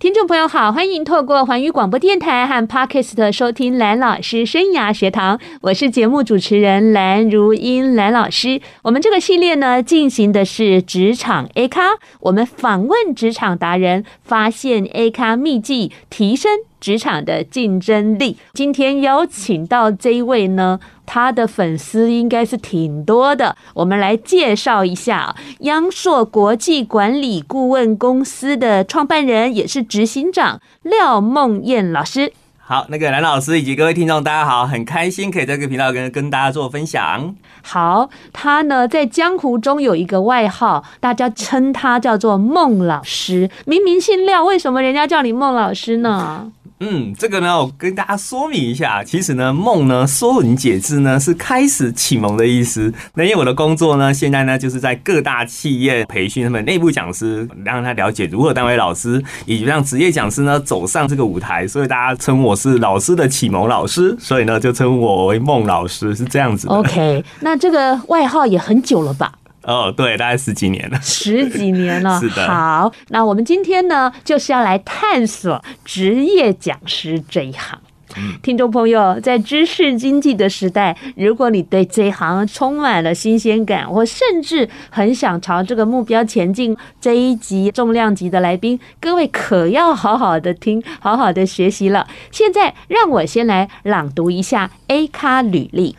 聽眾朋友好，歡迎透過寰宇廣播電台和 Podcast 收聽藍老師生涯學堂，我是節目主持人藍如茵藍老師。我們這個系列呢，進行的是職場 A 咖，我們訪問職場達人，發現 A 咖秘技，提升職場的競爭力。今天邀請到這一位呢。他的粉絲應該是挺多的，我們來介紹一下秧碩國際管理顧問公司的創辦人，也是執行長廖孟彥老師。好，那個藍老師以及各位聽眾，大家好，很開心可以在這個頻道跟跟大家做分享。好，他呢，在江湖中有一個外號，大家稱他叫做孟老師。明明姓廖，為什麼人家叫你孟老師呢？嗯，這個呢，我跟大家說明一下。其實呢，孟呢，說文解字呢是開始啟蒙的意思。那因為我的工作呢，現在呢就是在各大企業培訓他們內部講師，讓他了解如何當為老師，以及讓職業講師呢走上這個舞台。所以大家稱我是老師的啟蒙老師，所以呢就稱我為孟老師，是這樣子的。OK，那這個外號也很久了吧？哦，oh, 對，大概十幾年了，十幾年了， 是的。好，那我們今天呢，就是要來探索職業講師這一行。嗯、聽眾朋友，在知識經濟的時代，如果你對這一行充滿了新鮮感，或甚至很想朝這個目標前進。這一集重量級的來賓，各位可要好好的聽，好好的學習了。現在讓我先來朗讀一下 A 咖履歷，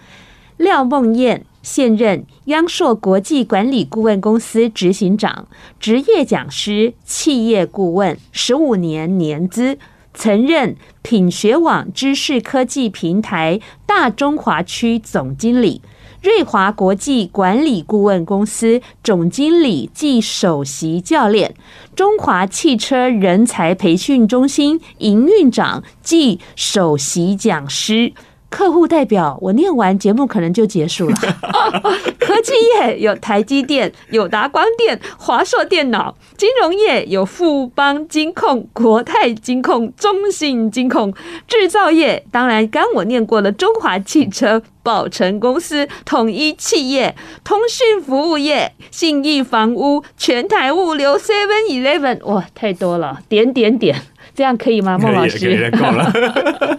廖孟彥。現任秧碩國際管理顧問公司執行長、職業講師、企業顧問，十五年年資，曾任品學網知識科技平台大中華區總經理、瑞華國際管理顧問公司總經理暨首席教練、中華汽車人才培訓中心營運長暨首席講師。客戶代表，我念完節目可能就結束了。 oh, 科技業有台積電、友達光電、華碩電腦；金融業有富邦金控、國泰金控、中信金控；制造業當然剛我念過的中華汽車、寶成公司、統一企業；通訊服務業信義房屋、全台物流、Seven Eleven。哇，太多了，點點點。這樣可以嗎？可以，孟老師。可以，可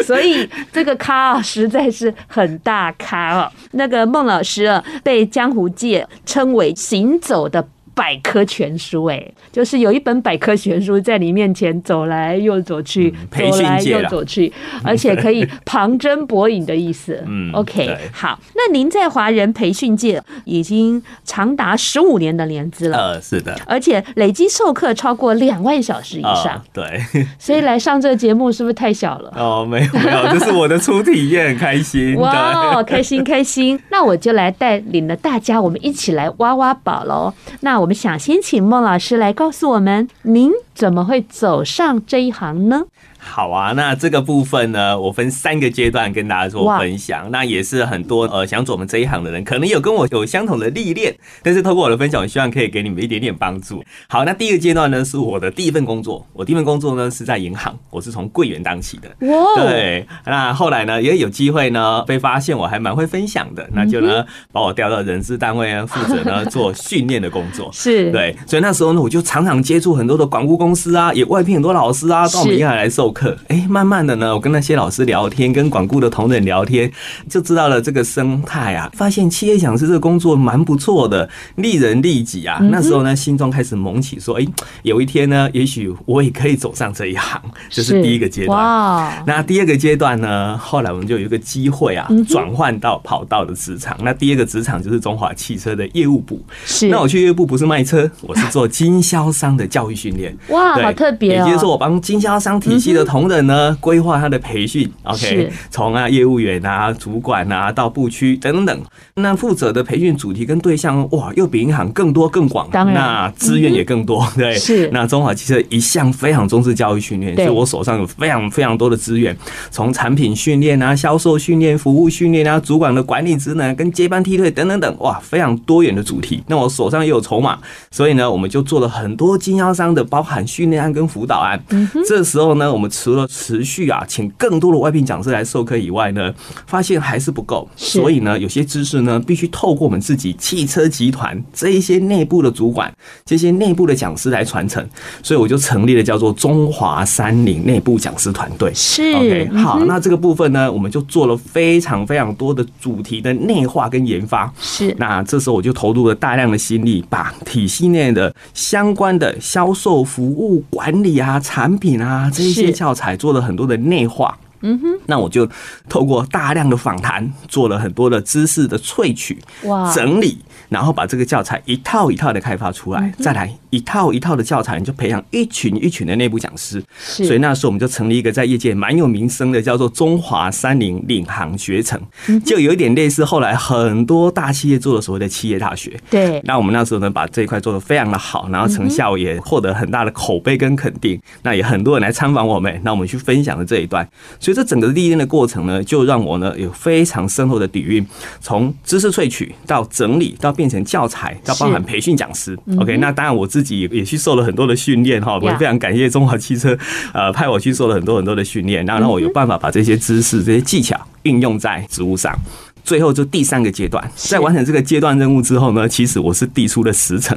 以 所以這個咖啊，實在是很大咖了啊。那個孟老師啊，被江湖界稱為“行走的”。百科全書、欸，哎，就是有一本百科全書在你面前走來又走去，嗯、培訓界了，走來又走去，而且可以旁徵博引的意思。 嗯，OK，對好，那您在華人培訓界已經長達十五年的年資了，呃，是的，而且累積授課超過兩萬小時以上，呃、對， 所以來上這個節目是不是太小了？哦、呃，沒有，沒有，這、就是我的初體驗， 很開心哇，開心開心，那我就來帶領了大家，我們一起來挖挖寶嘍。那我。我們想先請孟老師來告訴我們，您怎麼會走上這一行呢？好啊，那這個部分呢，我分三個階段跟大家做分享。Wow. 那也是很多呃想做我們這一行的人，可能有跟我有相同的歷練，但是透過我的分享，我希望可以給你們一點點幫助。好，那第一個階段呢，是我的第一份工作。我第一份工作呢是在銀行，我是從櫃員當起的。Wow. 對，那後來呢也有機會呢被發現，我還蠻會分享的，那就呢把我調到人事單位啊，負責呢 做訓練的工作。是對，所以那時候呢我就常常接觸很多的管顧公司啊，也外聘很多老師啊到我們銀行來授。哎、欸，慢慢的呢，我跟那些老師聊天，跟廣顧的同仁聊天，就知道了這個生態啊。發現企業講師這個工作蠻不錯的，利人利己啊。那時候呢，心中開始萌起說，哎、欸，有一天呢，也許我也可以走上這一行。這、就是第一個階段。哇。那第二個階段呢，後來我們就有一個機會啊，轉換到跑道的職場。嗯、哼那第二個職場就是中華汽車的業務部。是。那我去業務部不是賣車，我是做經銷商的教育訓練。 對哇，好特別哦。也就是說，我幫經銷商體系的。同仁呢規劃他的培訓，OK，從啊業務員啊、主管啊到部區等等，那負責的培訓主題跟對象哇，又比銀行更多更廣，那資源也更多，嗯嗯、對，是。那中華汽車一向非常重視教育訓練，所以我手上有非常非常多的資源，從產品訓練啊、銷售訓練、服務訓練啊、主管的管理職能跟接班梯隊等等等，哇，非常多元的主題。那我手上也有籌碼，所以呢，我們就做了很多經銷商的包含訓練案跟輔導案。嗯哼，這時候呢，我們。除了持續啊，請更多的外聘講師來授課以外呢，發現還是不夠，是所以呢，有些知識呢，必須透過我們自己汽車集團這一些內部的主管、這些內部的講師來傳承。所以我就成立了叫做中華三菱內部講師團隊。是 OK，好，嗯、哼那這個部分呢，我們就做了非常非常多的主題的內化跟研發。是，那這時候我就投入了大量的心力，把體系內的相關的銷售、服務、管理啊、產品啊這一些。教材做了很多的內化，嗯哼，那我就透過大量的訪談，做了很多的知識的萃取，哇，整理，然後把這個教材一套一套的開發出來，再來。一套一套的教材，你就培養一群一群的內部講師，所以那時候我們就成立一個在業界蠻有名聲的，叫做“中華三菱領航學程”，就有一點類似後來很多大企業做的所謂的“企業大學”。對，那我們那時候呢，把這一塊做的非常的好，然後成效也獲得很大的口碑跟肯定，那也很多人來參訪我們，那我們去分享了這一段。所以這整個歷練的過程呢，就讓我呢有非常深厚的底蘊，從知識萃取到整理到變成教材，到包含培訓講師。OK，那當然我自。也也去受了很多的訓練哈，我也非常感謝中華汽車呃派我去受了很多很多的訓練，然後讓我有辦法把這些知識、這些技巧運用在植物上職務上。最後就第三個階段，在完成這個階段任務之後呢，其實我是遞出了辭呈。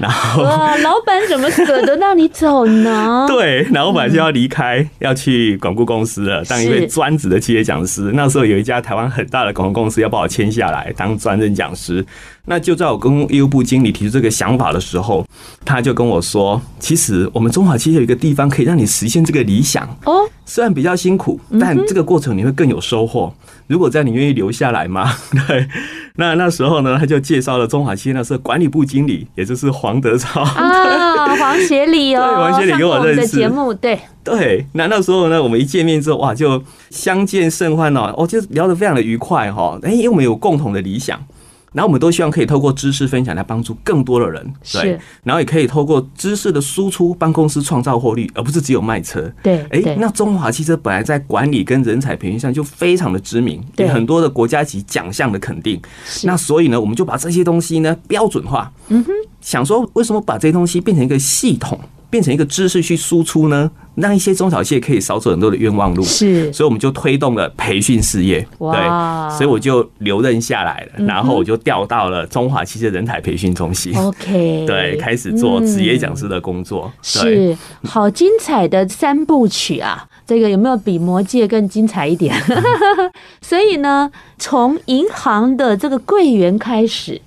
然後哇，老板怎麼捨得讓你走呢？ 對，老板就要離開，要去廣告公司了，當一位專職的企業講師。是那時候有一家台灣很大的廣告公司，要幫我簽下來當專任講師。那就在我跟業、e、務部經理提出這個想法的時候，他就跟我說：“其實我們中華區有一個地方可以讓你實現這個理想哦，雖然比較辛苦，但這個過程你會更有收穫。如果在你願意留下來嗎？對。那那時候呢，他就介紹了中華區。那時候管理部經理，也就是黃德超啊，哦、對 黃協理哦，黃協理跟我認識我的節目，對對。那那時候呢，我們一見面之後，哇，就相見甚歡哦，哦，就聊得非常的愉快哈，哎，因為我們有共同的理想。”然後我們都希望可以透過知識分享來幫助更多的人，對。是然後也可以透過知識的輸出幫公司創造獲利，而不是只有賣車。對、對誒。那中華汽車本來在管理跟人才培育上就非常的知名，對，很多的國家級獎項的肯定。對那所以呢，我們就把這些東西呢標準化。嗯哼是，想說，為什麼把這些東西變成一個系統？變成一個知識去輸出呢，讓一些中小企業可以少走很多的冤枉路。是，所以我們就推動了培訓事業哇。對，所以我就留任下來了，然後我就調到了中華汽車人才培訓中心，嗯哼。OK，對，開始做職業講師的工作，嗯。對 是，好精彩的三部曲啊！這個有沒有比《魔戒》更精彩一點， 嗯？所以呢，從銀行的這個櫃員開始，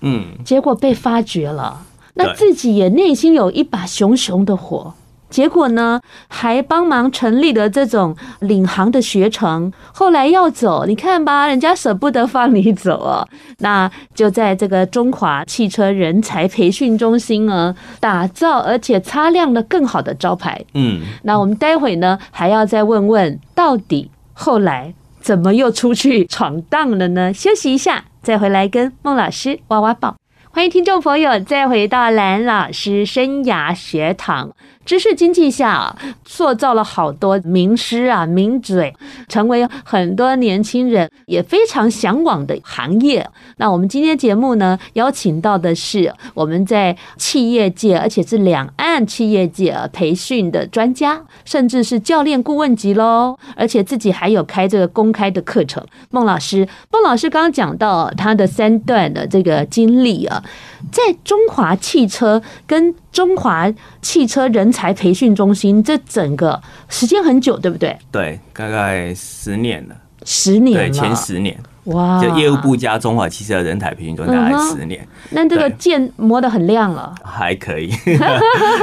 嗯，結果被發掘了。那自己也內心有一把熊熊的火，對結果呢，還幫忙成立了這種領航的學程。後來要走，你看吧，人家捨不得放你走啊，哦。那就在這個中華汽車人才培訓中心呢，打造而且擦亮了更好的招牌。嗯，那我們待會呢還要再問問，到底後來怎麼又出去闖蕩了呢？休息一下，再回來跟孟老師哇哇報。歡迎聽眾朋友再回到藍老師生涯學堂。知識經濟下，塑造了好多名師啊、名嘴，成為很多年輕人也非常向往的行業。那我們今天節目呢，邀請到的是我們在企業界，而且是兩岸。企業界培訓的專家，甚至是教練顧問級嘍，而且自己還有開這個公開的課程。孟老師，孟老師剛剛講到他的三段的這個經歷啊，在中華汽車跟中華汽車人才培訓中心，這整個時間很久，對不對？對，大概十年了，十年，對，前十年。哇！就業務部加中華汽車的人才培訓做大概十年，那這個劍磨得很亮了。還可以，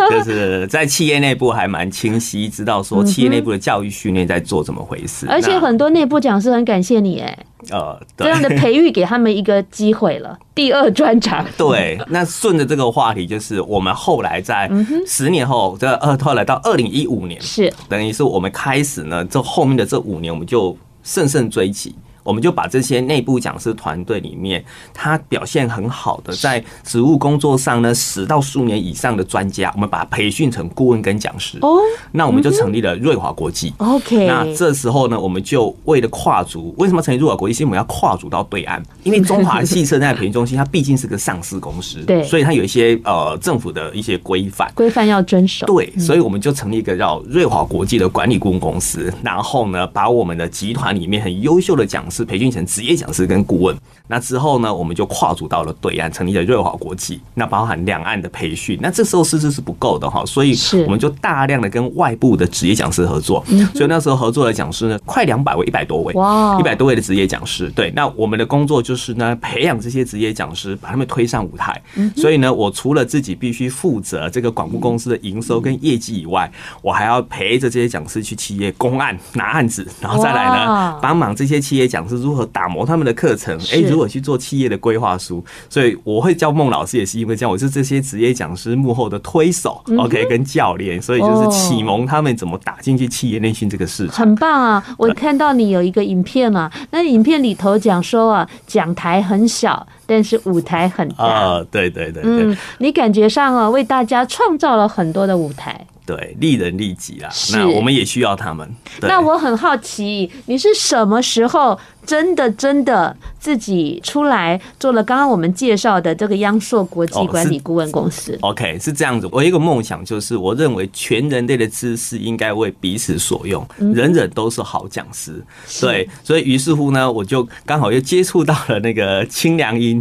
就是在企業內部還蠻清晰，知道說企業內部的教育訓練在做怎麼回事。而且很多內部講師很感謝你，哎，呃，這樣的培育給他們一個機會了。第二專長，對，那順着這個話題，就是我們後來在十年後，這二後來到二零一五年是，等於是我們開始呢，這後面的這五年，我們就乘勝追擊。我們就把這些內部講師團隊裡面，他表現很好的，在職務工作上呢，十到數年以上的專家，我們把他培訓成顧問跟講師、oh, mm。哦、hmm.，那我們就成立了瑞華國際。OK，那這時候呢，我們就為了跨足，為什麼成立瑞華國際？是因為我們要跨足到對岸，因為中華汽車那培訓中心，它畢竟是個上市公司，對，所以它有一些呃政府的一些規範，規範要遵守。對，所以我們就成立一個叫瑞華國際的管理顧問公司，然後呢，把我們的集團裡面很優秀的講師。是培訓成職業講師跟顧問，那之後呢，我們就跨足到了對岸，成立了瑞華國際。那包含兩岸的培訓，那這時候師資是不夠的哈，所以我們就大量的跟外部的職業講師合作。所以那時候合作的講師呢，快兩百位，一百多位，一百多位的職業講師。對，那我們的工作就是呢，培養這些職業講師，把他們推上舞台。所以呢，我除了自己必須負責這個廣播公司的營收跟業績以外，我還要陪着這些講師去企業攻案拿案子，然後再來呢，幫忙這些企業講。講是如何打磨他們的課程，哎，如何去做企業的規劃書，所以我會叫孟老師，也是因為這樣，我是這些職業講師幕後的推手、嗯、哼，OK，跟教練，所以就是啟蒙他們怎麼打進去企業內訓這個市場。很棒啊！我看到你有一個影片啊，嗯、那影片裡頭講說啊，講台很小。但是舞台很大啊、哦，對對對對，嗯、你感覺上啊，為大家創造了很多的舞台，對，利人利己啦。是那我們也需要他們。那我很好奇，你是什麼時候真的真的自己出來做了？剛剛我們介紹的這個秧碩國際管理顧問公司、哦、是是，OK，是這樣子。我有一個夢想就是，我認為全人類的知識應該為彼此所用，嗯、人人都是好講師。是對，所以於是乎呢，我就剛好又接觸到了那個清涼音。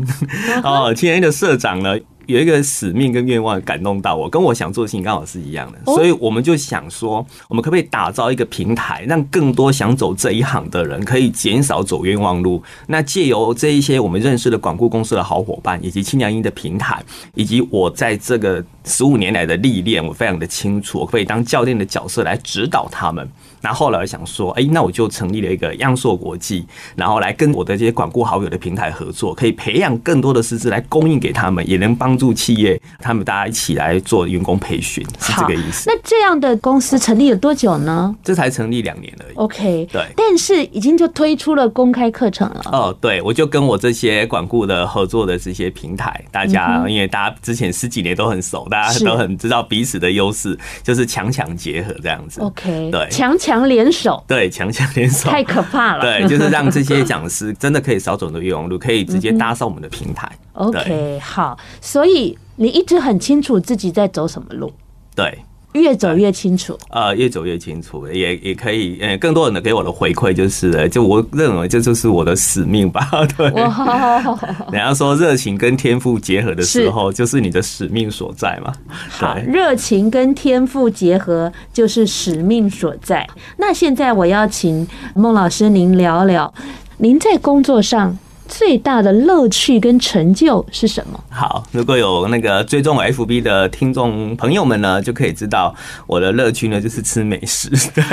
哦，清涼音 的社長呢，有一個使命跟願望感動到我，跟我想做的事情剛好是一樣的，所以我們就想說，我們可不可以打造一個平台，讓更多想走這一行的人可以減少走冤枉路？那借由這一些我們認識的管顧公司的好夥伴，以及清涼音的平台，以及我在這個十五年來的歷練，我非常的清楚，我可以當教練的角色來指導他們。那後來想說，哎、欸，那我就成立了一個秧碩國際，然後來跟我的這些管顧好友的平台合作，可以培養更多的師資來供應給他們，也能幫助企業，他們大家一起來做員工培訓，是這個意思。那這樣的公司成立了多久呢？嗯、這才成立兩年而已。OK，對。但是已經就推出了公開課程了。哦，對，我就跟我這些管顧的合作的這些平台，大家、嗯、哼因為大家之前十幾年都很熟，大家都很知道彼此的優勢，是就是強強結合這樣子。OK，對，強強。強聯手，對，強強聯手，太可怕了。對，就是讓這些講師真的可以少走很多冤枉路，可以直接搭上我們的平台。嗯、OK，對好，所以你一直很清楚自己在走什麼路。對。越走越清楚，呃，越走越清楚，也也可以，呃、欸，更多人的給我的回饋就是，就我認為這就是我的使命吧。對，人家、哦、說熱情跟天賦結合的時候，是就是你的使命所在嘛。好，熱情跟天賦結合就是使命所在。那現在我要請孟老師您聊聊，您在工作上，最大的樂趣跟成就是什麼？好，如果有那個追蹤我 FB 的聽眾朋友們呢，就可以知道我的樂趣呢就是吃美食。對，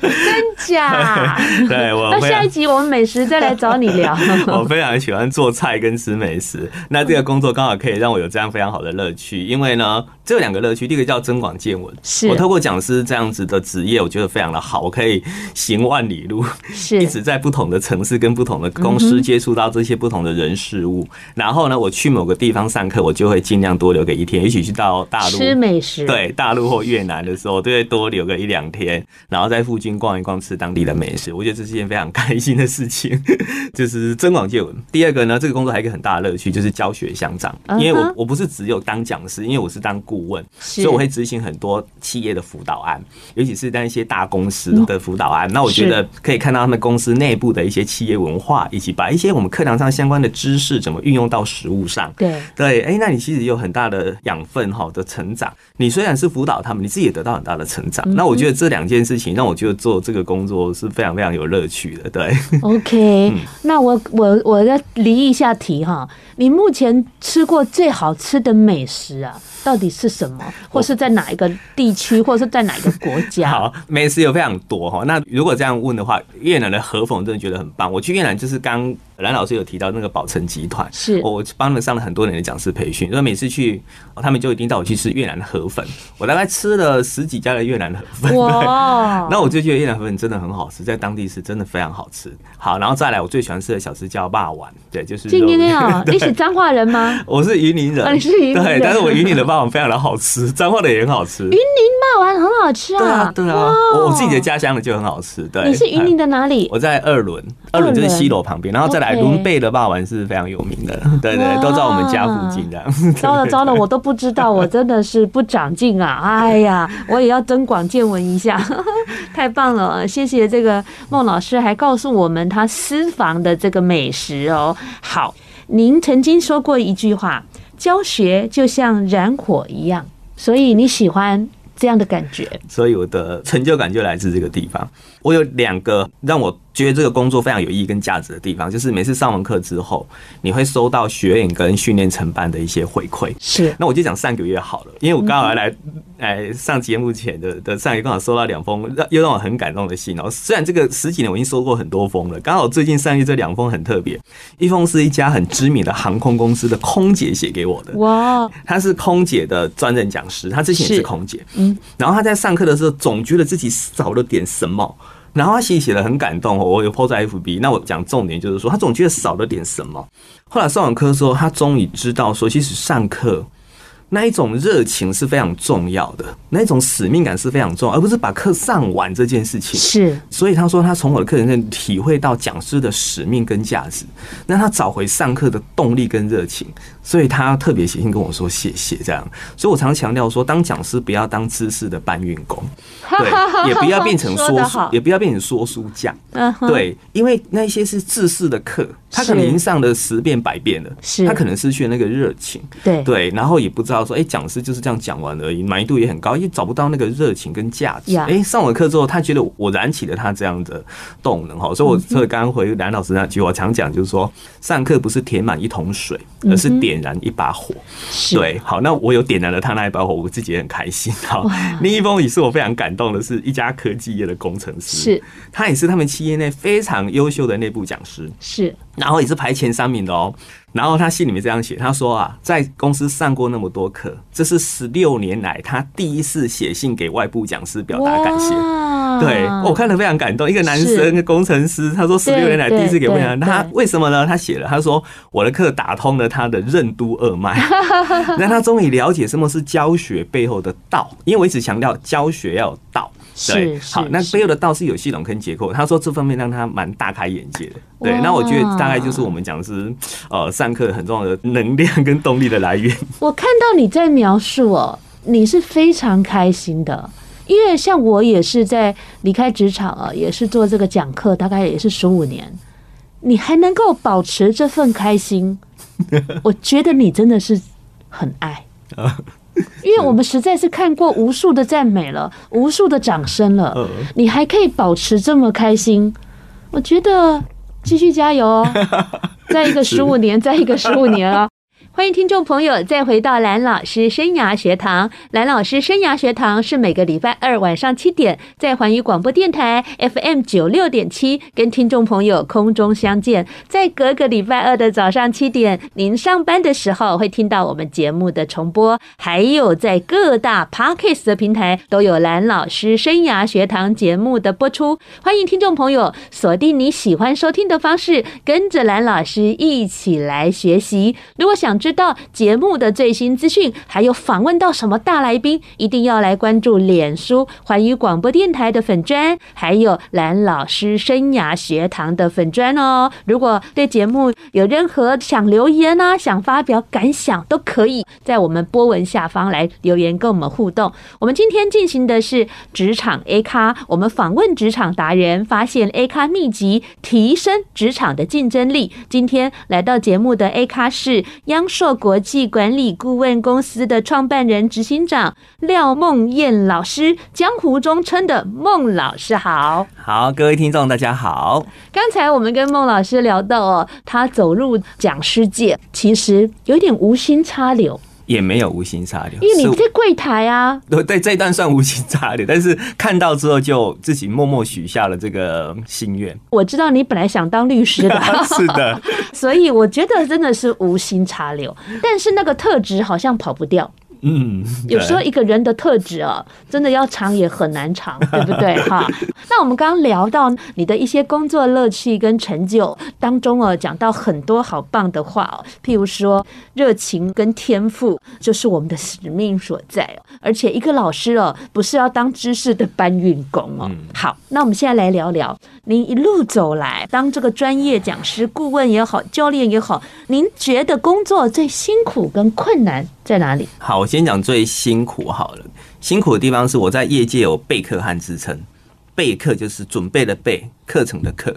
真假？Okay, 對，我那下一集我們美食再來找你聊。 我非常喜歡做菜跟吃美食，那這個工作剛好可以讓我有這樣非常好的樂趣，因為呢，這兩個樂趣，第一個叫增廣見聞。是我透過講師這樣子的職業，我覺得非常的好，我可以行萬里路，是一直在不同的城市跟不同的公司接觸到、嗯。到這些不同的人事物，然後呢，我去某個地方上課，我就會盡量多留個一天，一起去到大陸吃美食，對大陸或越南的時候，我都會多留個一兩天，然後在附近逛一逛，吃當地的美食。我覺得這是一件非常開心的事情， 就是增廣見聞。第二個呢，這個工作還有一個很大的樂趣，就是教學相長。Uh、huh, 因為我我不是只有當講師，因為我是當顧問，是所以我會執行很多企業的輔導案，尤其是當一些大公司的輔導案。嗯、那我覺得可以看到他們公司內部的一些企業文化，以及把一些我們。課堂上相關的知識怎麼運用到食物上？對對，哎，那你其實有很大的養分哈的成長。你雖然是輔導他們，你自己也得到很大的成長。嗯嗯、那我覺得這兩件事情讓我覺得做這個工作是非常非常有樂趣的。對，OK、嗯、那我我我要離一下題哈。你目前吃過最好吃的美食啊，到底是什麼？或是在哪一個地區，oh、或是在哪一個國家？ 好，美食有非常多哈。那如果這樣問的話，越南的河粉真的覺得很棒。我去越南就是剛藍老老師有提到那個寶成集團，是我幫他們上了很多年的講師培訓，所以每次去，他們就一定帶我去吃越南河粉。我大概吃了十幾家的越南河粉，哇！那我就覺得越南河粉真的很好吃，在當地是真的非常好吃。好，然後再來我最喜歡吃的小吃叫肉圓，對，就是。天林啊，對你是彰化人嗎？我是雲林人，啊、你是雲林人是，但是我雲林的肉圓非常的好吃，彰化的也很好吃。雲林肉圓很好吃啊！對啊，對啊哇我自己的家鄉的就很好吃。對，你是雲林的哪裡？我在二崙二輪就是西樓旁邊，然後再來倫貝的霸王是非常有名的。Okay. 對，對對，都在我們家附近的。糟了糟了，我都不知道， 我真的是不長進啊！哎呀，我也要增廣見聞一下， 太棒了，謝謝這個孟老師，還告訴我們他私房的這個美食哦。好，您曾經說過一句話，教學就像燃火一樣，所以你喜歡這樣的感覺，所以我的成就感就來自這個地方。我有兩個讓我覺得這個工作非常有意義跟價值的地方，就是每次上完課之後，你會收到學員跟訓練承辦的一些回饋。是。那我就講上個月好了，因為我剛好來來上節目前的的上個月剛好收到兩封讓又讓我很感動的信哦、喔。雖然這個十幾年我已經收過很多封了，剛好最近上去這兩封很特別，一封是一家很知名的航空公司的空姐寫給我的。哇！她是空姐的專任講師，她之前也是空姐。嗯。然後她在上課的時候總覺得自己少了點什麼。然後他寫寫的很感動哦，我有 po 在 FB。那我講重點就是說，他總覺得少了點什麼。後來上完課的時候，他終於知道說，其實上課那一種熱情是非常重要的，那一種使命感是非常重要，而不是把課上完這件事情。是。所以他說，他從我的課程中體會到講師的使命跟價值，讓他找回上課的動力跟熱情。所以他特別寫信跟我說謝謝這樣，所以我常強調說，當講師不要當知識的搬運工，對，也不要變成說書，也不要變成說書匠，對，因為那些是制式的課，他可能已經上了十遍百遍了，是，他可能失去了那個熱情，對對，然後也不知道說，哎，講師就是這樣講完而已，滿意度也很高，也找不到那個熱情跟價值，哎，上完課之後，他覺得我燃起了他這樣的動能哈，所以我所以剛剛回藍老師那句，我常講就是說，上課不是填滿一桶水，而是點。點燃一把火，對，好，那我有點燃了他那一把火，我自己也很開心。好，另哇 一封也是我非常感動的，是一家科技業的工程師，是，他也是他們企業內非常優秀的內部講師，是。然後也是排前三名的哦。然後他信裡面這樣寫，他說啊，在公司上過那麼多課，這是十六年來他第一次寫信給外部講師表達感謝。哇對，我看了非常感動，一個男生是工程師，他說十六年來第一次給外部講師，對那他為什麼呢？他寫了，他說我的課打通了他的任督二脈，那 他終於了解什麼是教學背後的道。因為我一直強調教學要有道。對，是是是，好，那背後的道是有系統跟結構。他說這方面讓他蠻大開眼界的。對，哇那我覺得大概就是我們講的是，呃，上課很重要的能量跟動力的來源。我看到你在描述哦、喔，你是非常開心的，因為像我也是在離開職場啊、喔，也是做這個講課，大概也是十五年，你還能夠保持這份開心， 我覺得你真的是很愛。啊因為我們實在是看過無數的讚美了，無數的掌聲了，你還可以保持這麼開心，我覺得繼續加油哦！ 再一個十五年， 再一個十五年啊！歡迎聽眾朋友再回到藍老師生涯學堂。藍老師生涯學堂是每個禮拜二晚上七點在環宇廣播電臺 FM 九六點七跟聽眾朋友空中相見。在隔個禮拜二的早上七點，您上班的時候，會聽到我們節目的重播，還有在各大 Podcast 的平台都有藍老師生涯學堂節目的播出。歡迎聽眾朋友鎖定你喜歡收聽的方式，跟着藍老師一起來學習。如果想知道節目的最新資訊，還有訪問到什麼大來賓，一定要來關注臉書環宇廣播電台的粉專，還有藍老師生涯學堂的粉專哦。如果對節目有任何想留言呢、啊，想發表感想，都可以在我們 PO 文下方來留言，跟我們互動。我們今天進行的是職場 A 咖，我們訪問職場達人，發現 A 咖秘籍，提升職場的競爭力。今天來到節目的 A 咖是央碩國際管理顧問公司的創辦人、執行長廖孟彥老師，江湖中稱的孟老師好，好好，各位聽眾大家好。剛才我們跟孟老師聊到哦，他走入講師界，其實有點無心插柳。也沒有無心插柳，因為你在櫃檯啊。對對，這段算無心插柳，但是看到之後就自己默默許下了這個心願。我知道你本來想當律師的哦， 是的。所以我覺得真的是無心插柳， 但是那個特質好像跑不掉。嗯，有時候一個人的特質哦、啊，真的要藏也很難藏，對不對哈？ 那我們剛剛聊到你的一些工作樂趣跟成就當中哦、啊，講到很多好棒的話哦、啊，譬如說熱情跟天賦就是我們的使命所在哦、啊，而且一個老師哦、啊，不是要當知識的搬運工哦、啊。嗯、好，那我們現在來聊聊。您一路走來，當這個專業講師、顧問也好，教練也好，您覺得工作最辛苦跟困難在哪裡？好，我先講最辛苦好了。辛苦的地方是我在業界有“備課漢”之稱，備課就是準備的備。課程的課，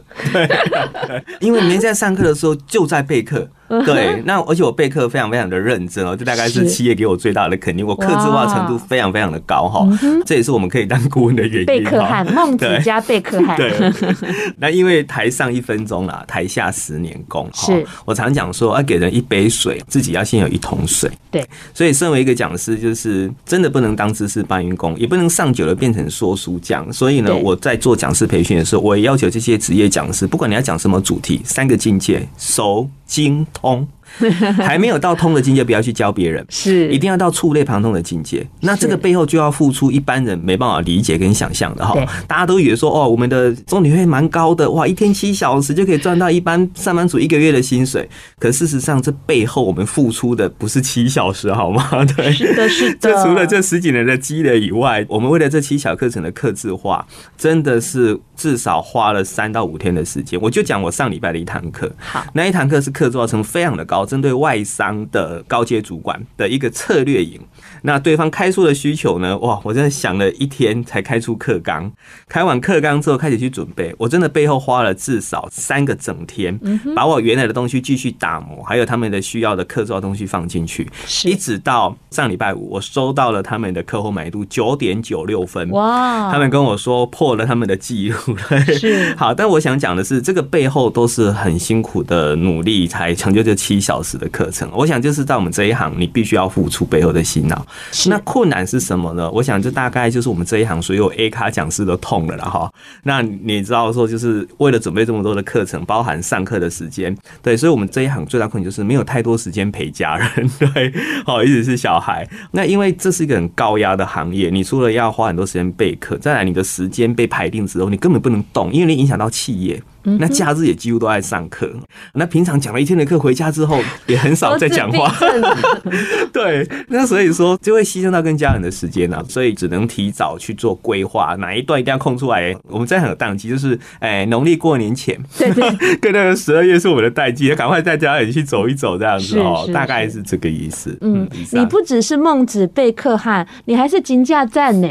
因為沒在上課的時候就在備課。對，那而且我備課非常非常的認真哦，這大概是企業給我最大的肯定。我客製化程度非常非常的高哈、喔，這也是我們可以當顧問的原因。備課漢夢迪加備課漢，對，對。那因為台上一分鐘啦，台下十年功。是，我常講說，要給人一杯水，自己要先有一桶水。對，所以身為一個講師，就是真的不能當知識搬運工，也不能上久了變成說書匠。所以呢，我在做講師培訓的時候，我也要。要求這些職業講師，不管你要講什麼主題，三個境界熟。So. 精通還沒有到通的境界，不要去教別人， 是一定要到觸類旁通的境界。是那這個背後就要付出一般人沒辦法理解跟想象的哈。對 大家都以為說哦，我們的鐘點費蠻高的，哇，一天七小時就可以賺到一般上班族一個月的薪水。可事實上，這背後我們付出的不是七小時好嗎？對，是的，是的。 就除了這十幾年的積累以外，我們為了這七小課程的客製化，真的是至少花了三到五天的時間。我就講我上禮拜的一堂課，好，那一堂課是。客座層級非常的高，針對外商的高階主管的一個策略營。那對方開出的需求呢？哇，我真的想了一天才開出課綱，開完課綱之後開始去準備，我真的背後花了至少三個整天，把我原來的東西繼續打磨，還有他們的需要的課綱東西放進去，一直到上禮拜五，我收到了他們的課後滿意度九點九六分，哇！他們跟我說破了他們的記錄了，是好，但我想講的是，這個背後都是很辛苦的努力才成就這七小時的課程。我想就是在我們這一行，你必須要付出背後的辛勞。是那困難是什麼呢？我想，就大概就是我們這一行所有 A 咖講師都痛了啦哈。那你知道說，就是為了準備這麼多的課程，包含上課的時間，對，所以，我們這一行最大困難就是沒有太多時間陪家人，對，好一直是小孩。那因為這是一個很高壓的行業，你除了要花很多時間備課，再來你的時間被排定之後，你根本不能動，因為你影響到企業。那假日也幾乎都在上課，那平常講了一天的課回家之後也很少再講話。 對，那所以說就會犧牲到跟家人的時間啊，所以只能提早去做規劃，哪一段一定要空出來。我們這很有檔期就是，哎、欸，農曆過年前，對對，對， 跟那個十二月是我們的淡季也趕快帶家人去走一走這樣子哦、喔，是是是，大概是這個意思。是是嗯，啊、你不只是孟子貝克漢，你還是金價讚呢，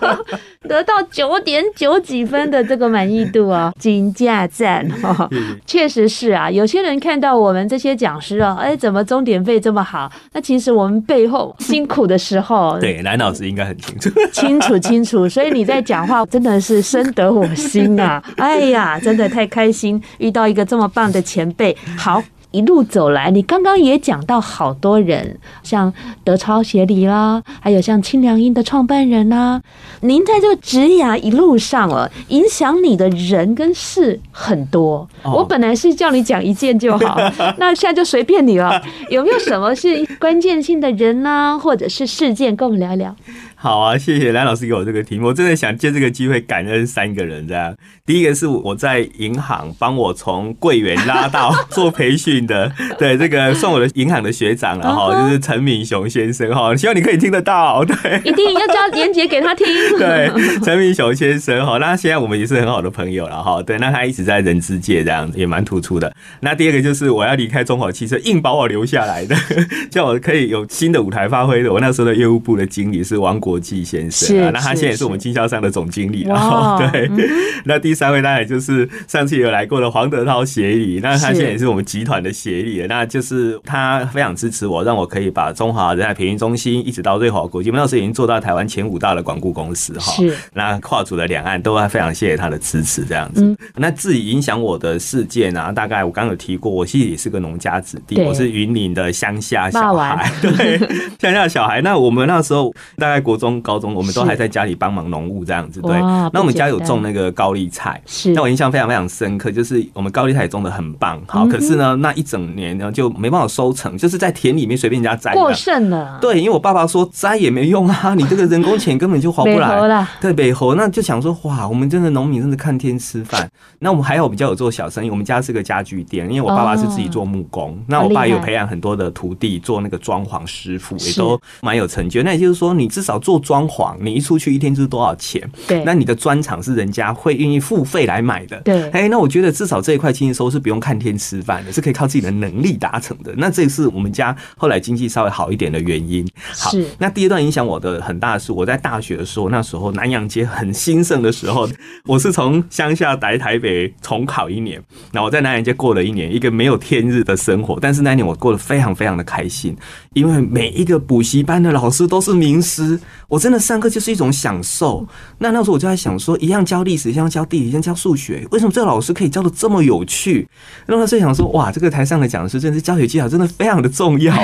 得到九點九幾分的這個滿意度哦、喔，金價。讚、哦、確實是啊。有些人看到我們這些講師哦，哎、欸，怎麼鐘點費這麼好？那其實我們背後辛苦的時候清楚清楚。 對，藍老師應該很清楚，清楚清楚。所以你在講話真的是深得我心啊！哎呀，真的太開心，遇到一個這麼棒的前輩，好。一路走來，你剛剛也講到好多人，像德超協理啦，還有像清涼音的創辦人吶、啊。您在這個職涯一路上了、啊，影響你的人跟事很多。Oh. 我本來是叫你講一件就好， 那現在就隨便你了。有沒有什麼是關鍵性的人呢、啊，或者是事件，跟我們聊一聊？好啊，謝謝藍老師給我這個題目，我真的想借這個機會感恩三個人這樣。第一個是我在銀行幫我從櫃員拉到做培訓的， 對這個算我的銀行的學長了哈，就是陳敏雄先生哈，希望你可以聽得到， 對，一定要叫連結給他聽。 對，陳敏雄先生哈，那現在我們也是很好的朋友了哈，對，那他一直在人資界這樣，也蠻突出的。那第二個就是我要離開中華汽車，硬把我留下來的， 叫我可以有新的舞台發揮的。我那時候的業務部的經理是王國。國際先生，那他現在也是我們經銷商的總經理。對是，那第三位當然就是上次有來過的黃德濤協理，那他現在也是我們集團的協理，那就是他非常支持我，讓我可以把中華人才培訓中心一直到瑞華國際，我們那時候已經做到台灣前五大的廣告公司哈。是那跨足的兩岸，都非常謝謝他的支持這樣子。嗯、那至於影響我的世界呢、啊？大概我剛剛有提過，我其實也是個農家子弟，對我是雲林的鄉下小孩，完對，鄉下小孩。那我們那時候大概國。中、高中我們都還在家裡幫忙農務這樣子，對，那我們家有種那個高麗菜，是那我印象非常非常深刻，就是我們高麗菜也種的很棒，好，可是呢、嗯、哼那一整年呢就沒辦法收成，就是在田裡面隨便人家摘過剩了，對，因為我爸爸說摘也沒用啊，你這個人工錢根本就划不來， 了對北侯，那就想說哇，我們真的農民真的看天吃飯。 那我們還好比較有做小生意，我們家是個家具店，因為我爸爸是自己做木工，哦、那我爸也有培養很多的徒弟做那個裝潢師傅，哦、也都蠻有成就。是那也就是說你至少做。做裝潢，你一出去一天就是多少錢？對，那你的專場是人家會願意付費來買的。對，哎、欸，那我覺得至少這一塊經濟收入是不用看天吃飯的，是可以靠自己的能力達成的。那這也是我們家後來經濟稍微好一點的原因。好，是那第一段影響我的很大的是我在大學的時候，那時候南陽街很興盛的時候，我是從鄉下來台北重考一年，那我在南陽街過了一年一個沒有天日的生活，但是那年我過得非常非常的開心。因為每一個補習班的老師都是名師，我真的上課就是一種享受。那那時候我就在想說，說一樣教歷史，一樣教地理，一樣教數學，為什麼這個老師可以教得這麼有趣？那他時想說，說哇，這個台上的講師，真是教學技巧真的非常的重要。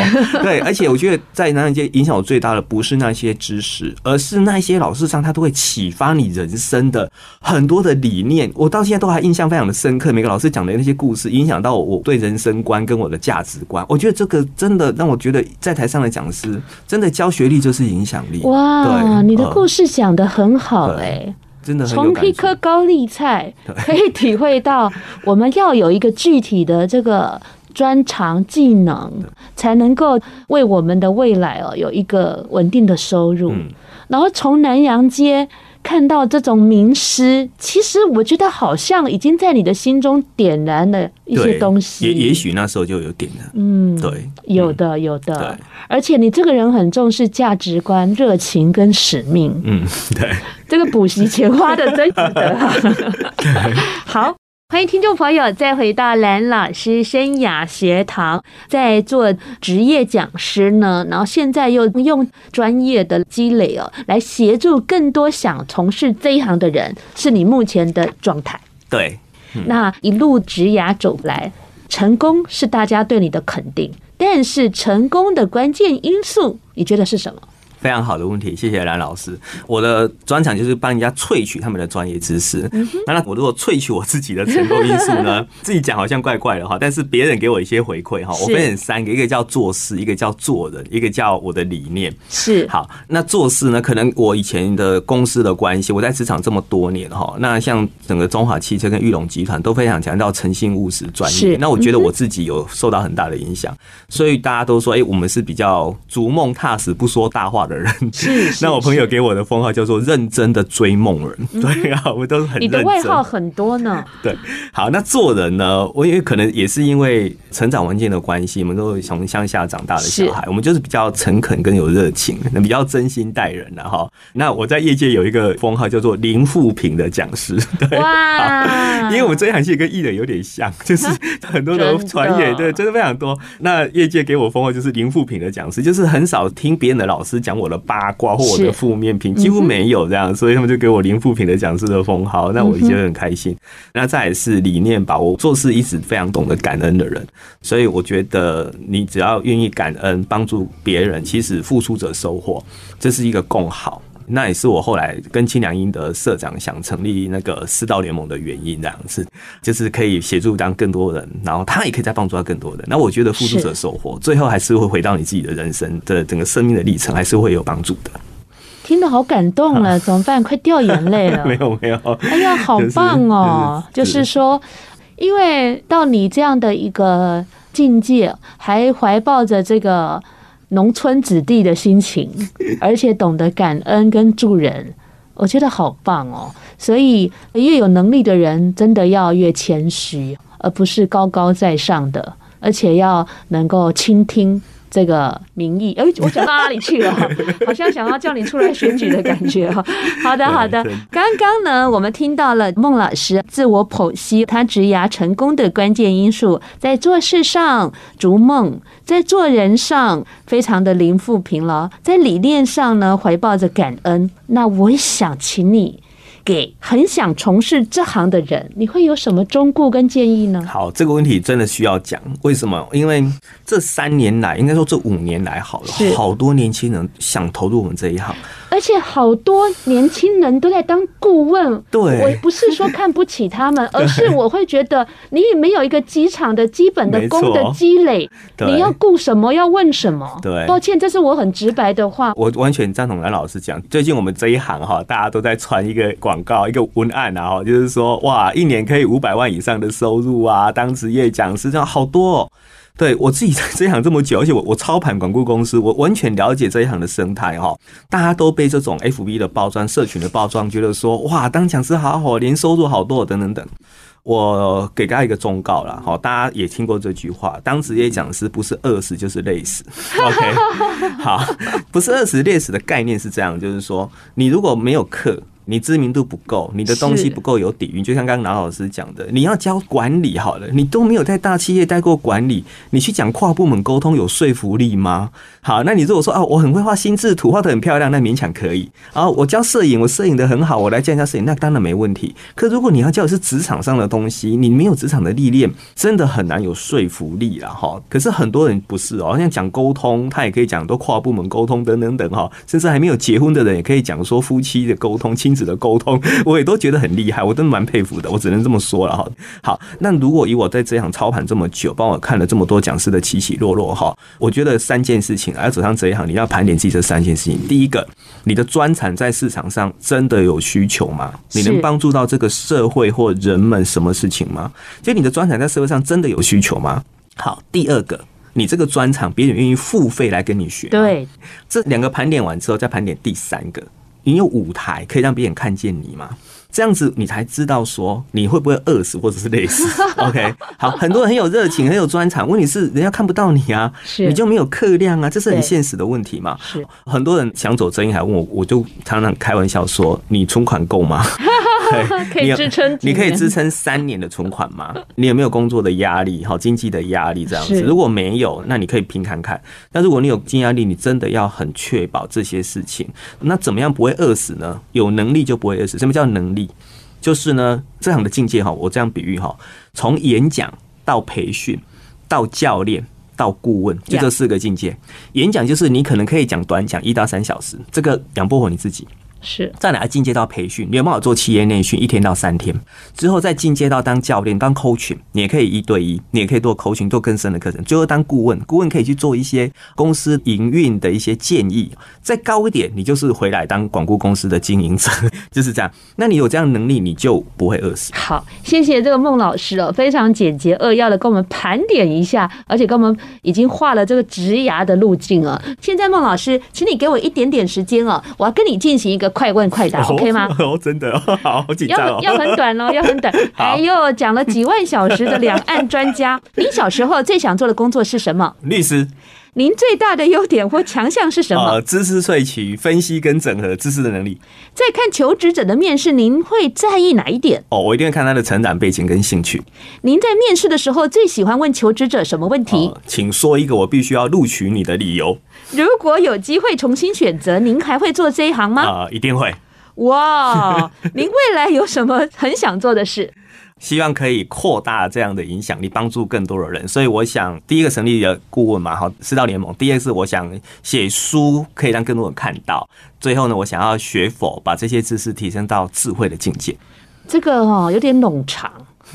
對，而且我覺得在那段時間影響我最大的，不是那些知識，而是那些老師上他都會啟發你人生的很多的理念。我到現在都還印象非常的深刻，每個老師講的那些故事，影響到我對人生觀跟我的價值觀。我覺得這個真的讓我覺得。在台上的講師真的教學力就是影響力哇！Wow, 對，你的故事講得很好哎、欸，真的從一顆高麗菜可以體會到，我們要有一個具體的這個專長技能，才能夠為我們的未來哦有一個穩定的收入。嗯，然後從南陽街。看到這種名師，其實我覺得好像已經在你的心中點燃了一些東西。也也許那時候就有點了。嗯，對，有的，有的。對而且你這個人很重視價值觀、熱情跟使命。嗯，對。這個補習錢花的真值得。 對 好。歡迎聽眾朋友再回到藍老師生涯學堂，在做職業講師呢，然後現在又用專業的積累哦，來協助更多想從事這一行的人，是你目前的狀態。對，嗯，那一路職涯走來，成功是大家對你的肯定，但是成功的關鍵因素，你覺得是什麼？非常好的問題，謝謝蘭老師。我的專長就是幫人家萃取他們的專業知識，嗯哼。那我如果萃取我自己的成功因素呢？自己講好像怪怪的哈。但是別人給我一些回饋哈，我分成三個，一個叫做事，一個叫做人，一個叫我的理念。是好，那做事呢？可能我以前的公司的關係，我在職場這麼多年哈，那像整個中華汽車跟玉龍集團都非常強調誠信務實專業是。那我覺得我自己有受到很大的影響，所以大家都說，哎，我們是比較逐夢踏實，不說大話的。的人是是是，那我朋友給我的封號叫做“認真的追夢人”，是是對啊，我們都是很認真的。你的外號很多呢，對，好，那做人呢，我也可能也是因為成長環境的關係，我們都是從鄉下長大的小孩，是我們就是比較誠懇跟有熱情，比較真心待人了哈。那我在業界有一個封號叫做“零負評的講師，對，哇 因為我們這一場戲跟藝人有點像，就是很多都傳言，真的 對，真的非常多。那業界給我封號就是“零負評的講師，就是很少聽別人的老師講。我的八卦或我的負面評幾乎沒有這樣，所以他們就給我零負評的講師的封號，那我其實很開心。那再來是理念吧，我做事一直非常懂得感恩的人，所以我覺得你只要願意感恩、幫助別人，其實付出者收穫，這是一個共好。那也是我後來跟清涼英德社長想成立那個四道聯盟的原因，這樣子就是可以協助讓更多人，然後他也可以再幫助到更多人。那我覺得付出者收穫，最後還是會回到你自己的人生的整個生命的歷程，還是會有幫助的。聽得好感動了，怎麼辦，啊，快掉眼淚了 沒。沒有沒有。哎呀，好棒哦！就是就是，就是說，因為到你這樣的一個境界，還懷抱着這個。農村子弟的心情，而且懂得感恩跟助人，我覺得好棒哦。所以，越有能力的人，真的要越謙虛，而不是高高在上的，而且要能夠傾聽。這個名義，哎，我講到哪裡去了？好像想要叫你出來選舉的感覺哈。好的，好的。剛剛呢，我們聽到了孟老師自我剖析他職涯成功的關鍵因素，在做事上逐夢，在做人上非常的零負評，在理念上呢懷抱着感恩。那我也想請你。給很想從事這行的人，你會有什麼忠告跟建議呢？好，這個問題真的需要講。為什麼？因為這三年來，應該說這五年來，好了，好多年輕人想投入我們這一行。而且好多年輕人都在當顧問，對，我不是說看不起他們， 對而是我會覺得，你沒有一個職場的基本的功的積累，對你要顧什麼？要問什麼？對，抱歉，這是我很直白的話。我完全贊同藍老師講，最近我們這一行哈，大家都在傳一個廣告，一個文案，啊，然後就是說，哇，一年可以五百萬以上的收入啊，當職業講師這樣好多，喔。對，我自己在這一行這麼久，而且我我操盤管顧公司，我完全了解這一行的生態哈。大家都被這種 F B 的包裝、社群的包裝，覺得說哇，當講師好好，年收入好多等等等。我給大家一個忠告啦。哈，大家也聽過這句話：當職業講師不是餓死就是累死。 OK，好，不是餓死累死的概念是這樣，就是說你如果沒有課。你知名度不夠，你的東西不夠有底蘊。是就像剛剛廖老師講的，你要教管理好了，你都沒有在大企業待過管理，你去講跨部門溝通有說服力嗎？好，那你如果說啊，我很會畫心智圖，畫得很漂亮，那勉強可以啊。我教攝影，我攝影得很好，我來教一下攝影，那當然沒問題。可如果你要教的是職場上的東西，你沒有職場的歷練，真的很難有說服力了哈。可是很多人不是哦，像講溝通，他也可以講多跨部門溝通等等等哈，甚至還沒有結婚的人也可以講說夫妻的溝通親的溝通，我也都覺得很厲害，我真的蠻佩服的。我只能這麼說了哈。好，那如果以我在這一行操盤這麼久，幫我看了這麼多講師的起起落落哈，我覺得三件事情，要走上這一行，你要盤點自己這三件事情。第一個，你的專長在市場上真的有需求嗎？你能幫助到這個社會或人們什麼事情嗎？就你的專長在社會上真的有需求嗎？好，第二個，你這個專長別人願意付費來跟你學？對，這兩個盤點完之後，再盤點第三個。你有舞台可以讓別人看見你嗎？這樣子你才知道說你會不會餓死或者是累死。 OK，好，很多人很有熱情、很有專長，問題是人家看不到你啊，是你就沒有客量啊，這是很現實的問題嘛。很多人想走這一行還問我，我就常常開玩笑說：你存款夠嗎？ 可以，可以支撐，你可以支撐三年的存款嗎？你有沒有工作的壓力？好，經濟的壓力這樣子。是如果沒有，那你可以平攤看，看。但如果你有經濟壓力，你真的要很確保這些事情。那怎麼樣不會餓死呢？有能力就不會餓死。什麼叫能力？就是呢，這樣的境界哈，我這樣比喻哈，從演講到培訓，到教練到顧問，就這四個境界。Yeah. 演講就是你可能可以講短講一到三小時，這個養不活你自己。是在哪個進階到培訓？你有沒有做企業內訓，一天到三天之後再進階到當教練，當 coach，你也可以一對一，你也可以做 coach 做更深的課程，最後當顧問，顧問可以去做一些公司營運的一些建議。再高一點，你就是回來當管顧公司的經營者，就是這樣。那你有這樣的能力，你就不會餓死。好，謝謝這個孟老師哦，非常簡潔扼要的跟我們盤點一下，而且跟我們已經畫了這個職涯的路徑啊。現在孟老師，請你給我一點點時間哦、啊，我要跟你進行一個。的快問快答、哦，OK 嗎？哦、真的、哦，好，好緊張哦。要要很短哦，要很短。 好，哎呦，講了幾萬小時的兩岸專家， 你小時候最想做的工作是什麼？律師。您最大的優點或強項是什麼？啊、呃，知識萃取，分析跟整合知識的能力。再看求職者的面試，您會在意哪一點？哦，我一定要看他的成長背景跟興趣。您在面試的時候最喜歡問求職者什麼問題？呃，請說一個我必須要錄取你的理由。如果有機會重新選擇，您還會做這一行嗎？啊、呃，一定會。哇，wow，您未來有什麼很想做的事？希望可以擴大這樣的影響力，幫助更多的人。所以我想第一個成立的顧問嘛，好，四道聯盟。第二是我想寫書，可以讓更多人看到。最後呢，我想要學佛，把這些知識提升到智慧的境界。這個哦，有點冗長，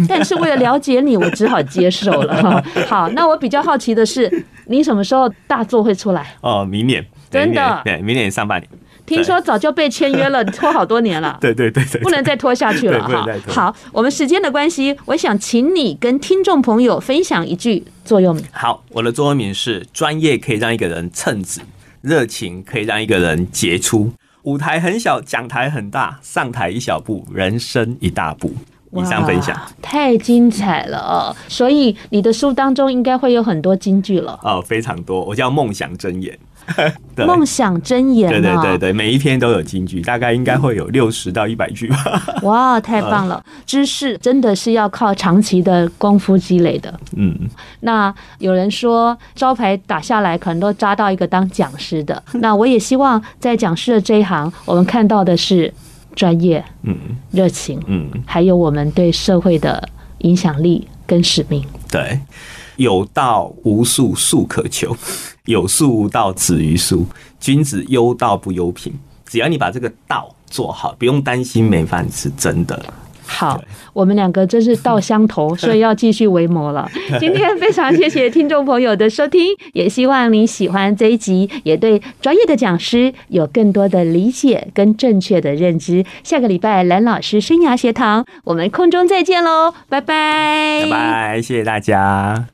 但是為了了解你，我只好接受了。 好，那我比較好奇的是，你什麼時候大作會出來？哦，明年，真的，對，明年上半年。聽說早就被簽約了，拖好多年了。 對對對，對，對，對，不能再拖下去了哈。不能再拖。好，我們時間的關係，我想請你跟聽眾朋友分享一句座右銘。好，我的座右銘是：專業可以讓一個人稱職，熱情可以讓一個人傑出。舞台很小，講台很大，上台一小步，人生一大步。以上分享。太精彩了哦！所以你的書當中應該會有很多金句了。哦、呃、非常多。我叫夢想真言。夢 想箴言， 對對對對，每一篇都有金句，大概應該會有六十到一百句吧。哇 ，wow, 太棒了！知識真的是要靠長期的功夫積累的。 嗯， 那有人說招牌打下來，可能都紮到一個當講師的。那我也希望在講師的這一行，我們看到的是專業，嗯，熱情，嗯，還有我們對社會的影響力跟使命。 對。有道無術，術可求；有術無道，止於術。君子憂道不憂貧。只要你把這個道做好，不用擔心沒飯吃，真的。好，我們兩個真是道相投， 所以要繼續為謀了。今天非常謝謝聽眾朋友的收聽， 也希望你喜歡這一集，也對專業的講師有更多的理解跟正確的認知。下個禮拜藍老師生涯學堂，我們空中再見嘍，拜拜。拜拜，謝謝大家。